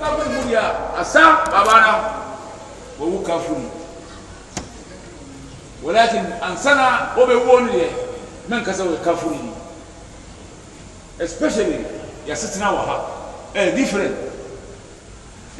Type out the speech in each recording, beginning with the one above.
kaba mu asa babana wa wu kafuru walakin ansana o bɛ wo ne yɛ mɛ nkasa o ye mu especially yasitena wɔ ha ɛɛ eh, different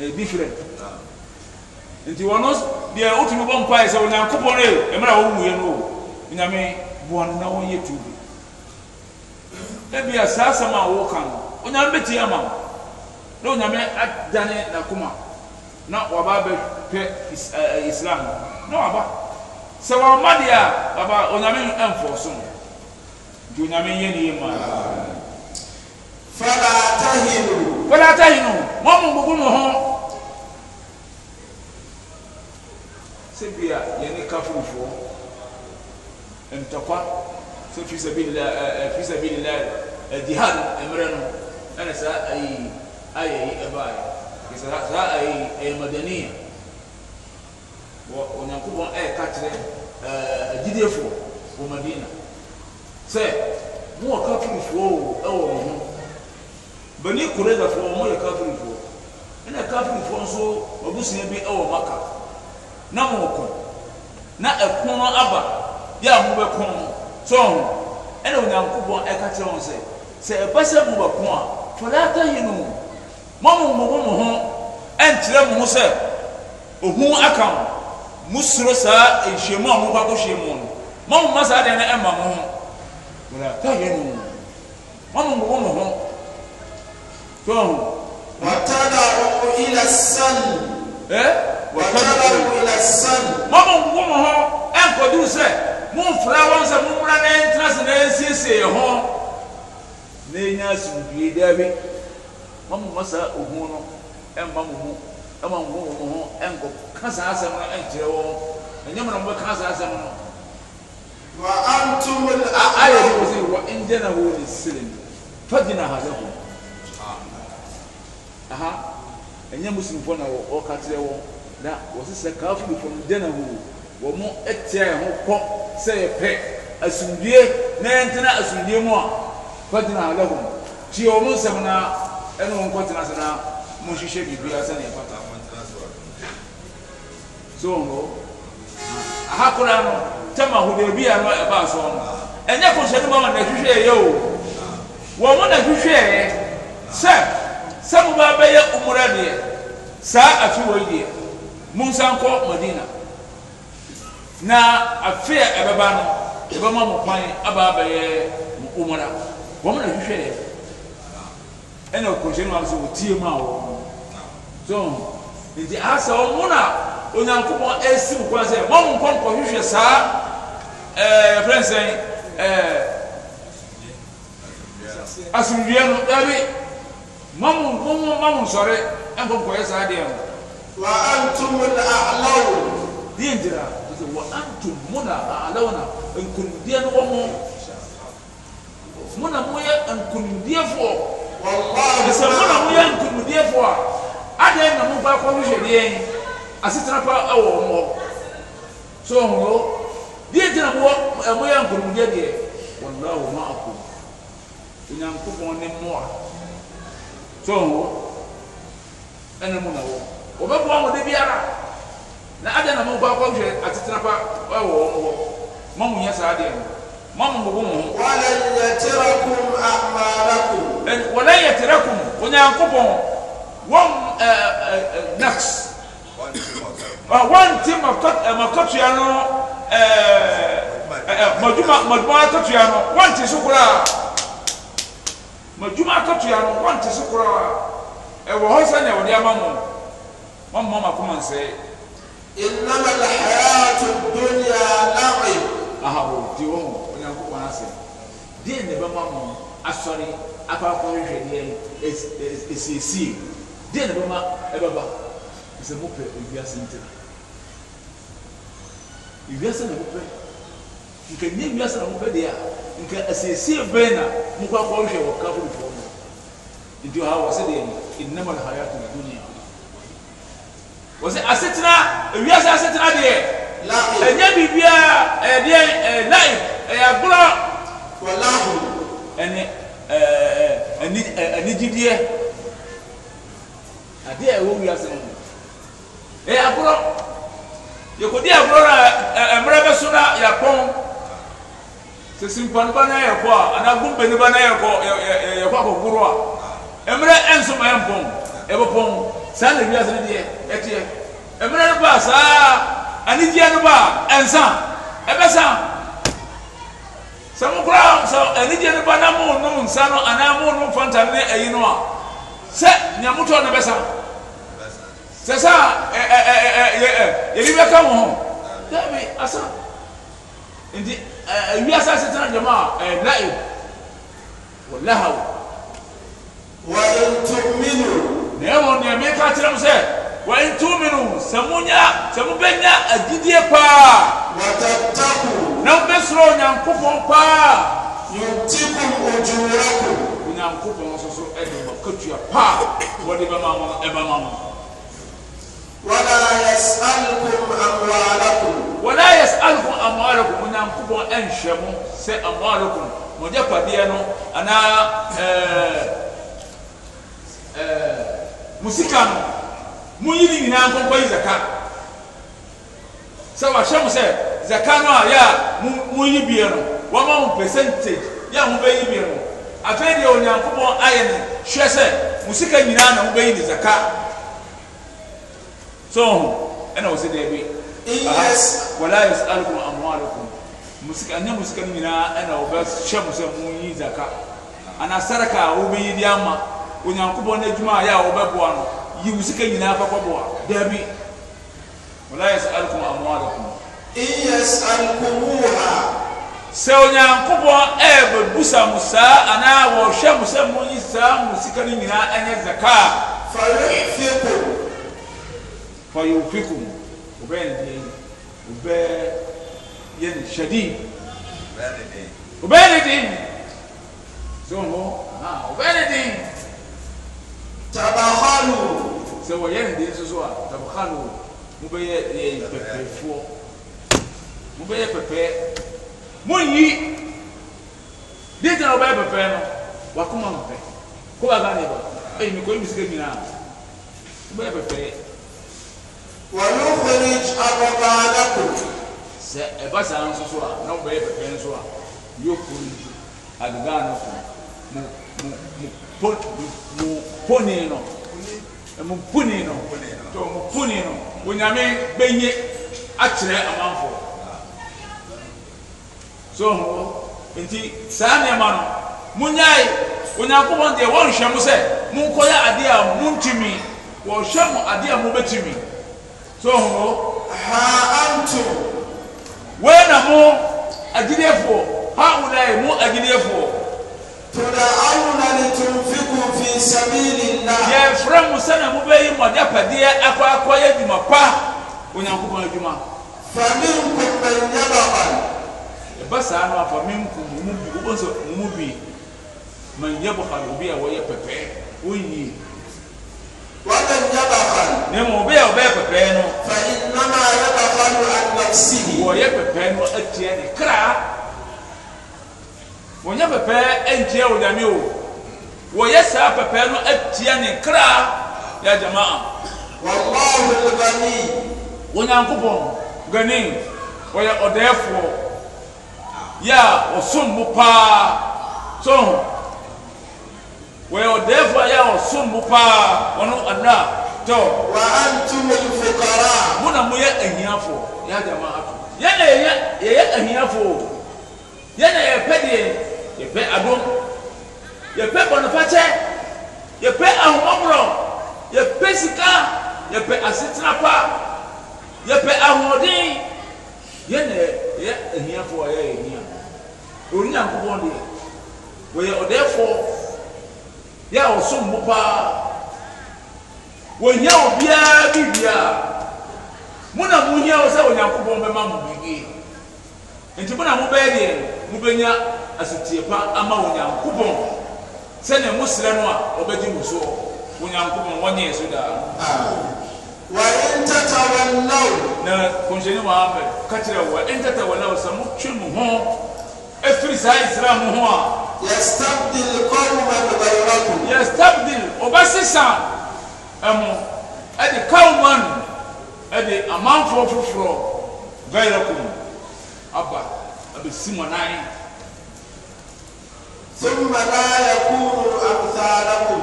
ɛɛ eh, different ah. nti wɔn no deɛ o tumi bɔ nkwa yi sɛ onyankopɔn ne ɛmɛrɛ a wɔwu yɛ no nyame buwɔn na wɔn yɛ tuubi ebi a saa asɛm a wɔka no bɛ tie ama n'o nyame adane n'akoma na waba abɛhwɛ islam na waba sɛ wama deɛ a baba onyame ɛmfɔ so no nti onyame yɛ ne yɛ ma fala tahinu mo mo bubu mo ho sebia yɛne kafurufoɔ ntɔkwa sɛ fi sabilillah fi sabilillah jihad mmerɛ no ɛne saa ayi ayɛyi ɛbaayɛ kisa saa ayɛyi ɛyɛ madaniya wɔ onyankopɔn ɛyɛka kyerɛ ɛɛ agyidefoɔ wɔ madina sɛ mo wɔ kafirifoɔ o ɛwɔ mo ho bani korezafoɔ wɔn yɛ kafirifoɔ ɛna kafirifoɔ nso abusua bi ɛwɔ maka na mo ko na ɛko no aba yɛ a mo bɛko no sɔɔ ho ɛna onyankopɔn ɛka kyerɛ wɔn sɛ sɛ ɛbɛsɛ mo bɛko a fɔlɛ ata yi no mo mo ho mo ho ɛnkyerɛ mo ho sɛ ohun aka mo mo soro saa nhyiamu a mo kɔ akɔhyia mu no mo mo ma saa deɛ no ɛma mo ho wòle ta yɛ no mo ho mo ho tó ho. wàtàdà ọkọ ilẹ̀ sani. ẹ wàtàdà ọkọ ho ɛnkɔduru sɛ mo nfura wɔn sɛ mo mmra na ɛntena sɛ na ɛnsiesie yɛ ho na enya asundue dabi ma mo ma saa ohun no ɛmma mo ho ɛma mo ho mo ho ɛnkɔ ka saa asɛm no ɛnkyerɛ wɔn ɛnyɛ mo na mo bɛ ka asɛm no. wa an tum wani a ayɛ de wɔsi wa indiana wo ne silim fadina ha lɛ ho aha ɛnyɛ musulmufo na ɔka kyerɛ wɔn na wɔsi sɛ kaafurufo no dɛna ho wɔn mo ɛtia ɛho kɔ sɛ yɛ pɛ asumdue na yɛntena asumdue mu a fadina ha lɛ ho tie wɔn nsɛm na ɛne wo nkɔtena se na monhyehyɛ biribia sɛne ɛfata so hɔ aha koraa no tam ahodeɛ bi a no ɛbaa soɔ no ɛnyɛ kɔhyɛ no ma wɔ nahwehwɛɛyɛ o wɔn mo nahwehwɛɛyɛ sɛ sɛ mo ba bɛyɛ umura deɛ saa afi wɔ yi deɛ mo nsan kɔ madina na afe a ɛbɛba no ɛbɛma mo kwan aba abɛyɛ mo umura wɔn mo nahwehwɛɛyɛ ɛna ɔkɔhyɛ no asɛ ɔtie mu a wɔwɔ so nti asɛ ɔmo na onyankopɔn asi wo kwan sɛ mɔmo nkɔ nkɔhwehwɛ saa ɛɛ fɛn sɛn ɛɛ asomdua no dabi mɔmo mɔmo mɔmo nsɔre ɛnkɔ nkɔyɛ saa deɛ no. wa antum na alawo. deɛ ngira ɔsɛ wa antum mo na alawo na nkunimdiɛ no wɔ mo mo na mo yɛ nkunimdiɛfoɔ ɛsɛ mo na mo yɛ a adan na mo fa akɔhwehwɛdeɛ asetena pa ɛwɔ wɔn so ɔmo deɛ gyina mo ɛmo yɛ deɛ wɔnna wɔn ma ako onyankopɔn ne mmoa so ɔmo hɔ mo na wɔ wɔbɛboa mo de biara na adan na mo fa akɔhwɛ asetena pa ɛwɔ wɔn hɔ mo mo nyɛ saa deɛ no mo mo mo mo ho. wàlẹ̀ yẹ tẹ́lẹ̀ kún àmàlà kún. Eh, wɔlɛ yɛ tɛrɛ kum onyankopɔn wɔn ɛɛ ɛɛ nax wɔn ti makɔtua no ɛɛ eh, ɛɛ eh, maduma maduma akɔtua no wɔn ti so koraa madwuma akɔtua no wɔn te so koraa ɛwɔ hɔ sɛ nea wɔde ama mo wɔn mɔ mako ma nsɛ. innama lahayatu dunya laɣi. aha o di wɔn o onyankopɔn asɛ deɛ ne bɛ ma mo akɔakɔ hwehwɛ deɛ no esiesie deɛ na bɛma ɛbɛba sɛ mopɛ ewiase ntena ewiase na mopɛ nka nye ewiase na mopɛ deɛ a nka esiesie bɛn na mokɔ akɔ hwehwɛ wɔ kaforifoɔ no nti ha wɔ sɛ deɛ no nnam na haya to dunia wɔ sɛ asetena ewiase asetena deɛ ɛnyɛ biribiara ɛyɛ deɛ ɛyɛ laif ɛyɛ agorɔ ɛne anigyideɛ adeɛ a ɛwɔ wiase no ɛyɛ agorɔ yɛkɔdi agorɔ na mmerɛ bɛso na yɛakɔn sɛ simpaniba na yɛkɔ a anaa gumpaniba na yɛkɔ yɛkɔ akɔgorɔ a mmerɛ ɛnso ma yɛmpɔn ɛbɛpɔn saa na wiase no deɛ ɛteɛ mmerɛ no baa saa anigyeɛ no baa ɛnsa ɛbɛsa sɛ mo koraa sɛ anigye ne ba na mo nom nsa no anaa mo nom fanta ne ayi no a sɛ nea motɔ no bɛsa sɛ saa yɛbi bɛka wo ho dabi asa nti wiase asetena gyama a ɛyɛ laib wɔlahaw wɔn tuminu na ɛwɔ nea meka kyerɛ mo sɛ wɔn tuminu sɛ mo nya sɛ mo bɛnya agyidie paa wɔtɛtɛku na wobɛsoro onyankopɔn paa yutikum ujurakum onyankopɔn nso so ɛde bakatua paa wɔde bɛma mo ɛbɛma mo wala yasalukum amwalakum wala yasalukum amwalakum onyankopɔn ɛnhwɛ mo sɛ amwalakum mo gyapadeɛ no anaa ɛɛ ɛɛ mo no mo yi ni nyinaa nkɔnkɔ yi zaka sɛ wahyɛ mo sɛ zaka no a yi a moyi bie no wɔma mo percentage yɛ a mobɛyi bie no afei deɛ onyankopɔn ayɛ no hwɛ sɛ mo sika nyinaa na mobɛyi ne zaka so ɛna wɔ sɛ deɛ bi wala yasalukum amwalukum musika ne musika no nyinaa ɛna wɔbɛhyɛ mo sɛ yi zaka ana saraka a wobɛyi de ama onyankopɔn no adwuma a yɛ a wɔbɛboa no yi wo sika nyinaa kɔkɔboa daabi wala yasalukum amwalukum nyabↄ ɛua anawhɛɛny usianinyia anyɛ ayyyɛ mo bɛyɛ pɛpɛɛ mo nyi di gyina ɔbɛyɛ pɛpɛɛ no wakoma mo pɛ kó bá bá ne bɔ ɛyìn mi kò yi mi sika nyinaa mo bɛyɛ pɛpɛɛ. wọ́n yóò fẹ́rẹ̀ akọ̀kọ̀ alákò. sɛ ɛba saa nso so a na ɔbɛyɛ pɛpɛɛ nso a yóò kórè ju agbègbè àná fún mo mo mo pon mo poni no mo poni no mo poni no onyame bɛnye akyerɛ amanfoɔ. so nti saa nneɛma no munyae onyankopɔn deɛ wɔnhwɛ mo sɛ monkɔyɛ adeɛ a montumi wɔhwɛ mo adeɛ a mobɛtumi so ha wei na mo agyidefoɔ ha wolae mụ agyidefoɔ tuda'awna litunfiku fi sabilillah yɛfrɛ mo sɛna mobɛyi mɔde apadeɛ akɔ akɔyɛ adwuma pa onyankopɔn adwuma faminkum man ɛba saa no afa menkum wo mu bi wobɛ sɛ wo mu bi man yabhal obi a wɔyɛ pɛpɛɛ wonyie waman yabhal na mmom obi a wɔbɛyɛ pɛpɛɛ no fa innama yabhalu an nafsihi wɔyɛ pɛpɛɛ no atia ne kra wɔnyɛ pɛpɛɛ antia wo nyame o wɔyɛ saa pɛpɛɛ no atia ne kra ya jamaa wallahu lgani onyankopɔn gani wɔyɛ ɔdɛɛfoɔ yɛ a ɔsom paa so wɔyɛ ɔdɛɛfo a yɛ a ɔsom paa wɔn ana tɔ. wa an tun bɛ fukara. mo na mo yɛ ahiafo yɛ adama ato yɛn na yɛyɛ yɛyɛ ahiafo yɛn na yɛpɛ deɛ yɛpɛ adom yɛpɛ bɔnfakyɛ yɛpɛ ahoɔborɔ yɛpɛ sika yɛpɛ asetena pa yɛpɛ ahoɔden yɛn na yɛ ahiafo a yɛyɛ ahia onyankopɔn deɛ wɔyɛ ɔdɛɛfoɔ yɛ a ɔsom bo paa wɔnya obiara bi bia mo na mohia wo sɛ onyankopɔn bɛma mo biribi nti mo na mobɛyɛ deɛ no mobɛnya asetie pa ama onyankopɔn sɛnea mosrɛ no a ɔbɛgye mo soɔ onyankopɔn wɔnyɛɛ so daa wa in tatawallaw na kunjeni wa afa katira wa in tatawallaw samu twimu ho efiri saa islam ho a yastabdil qauman ghayrakum yastabdil obasisa ɛmo ɛde kauman ɛde amanfoɔ foforɔ ghayrakum aba abɛsi mo nan ثم لا يكون أمثالكم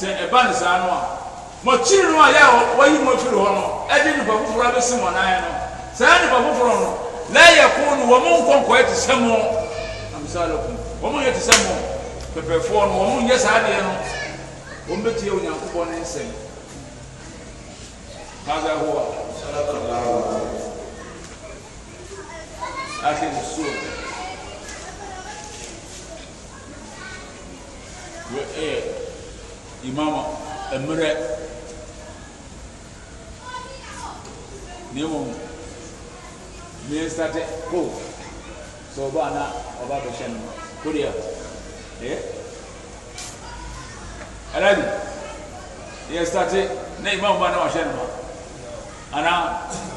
سأبان زانوا mo kyiri no a yɛ wayi mo firi hɔ no ɛde nipa foforɔ abɛsi mo nan no saa nipa foforɔ no lɛyɛ ko no wɔn mo nkɔnkɔɛ te sɛ mo amisalakun wɔn mo yɛ ti sɛ mo pɛpɛfoɔ no wɔn mo nyɛ saa deɛ no wɔn bɛ tie ne nsɛm mmerɛ na mmom miɛnsate ko sɛ ɔbaa na ɔba bɛhyɛ no korea ɛ eh? ɛrɛdi yɛstate na ima ɔbaa na wahyɛ no ma anaa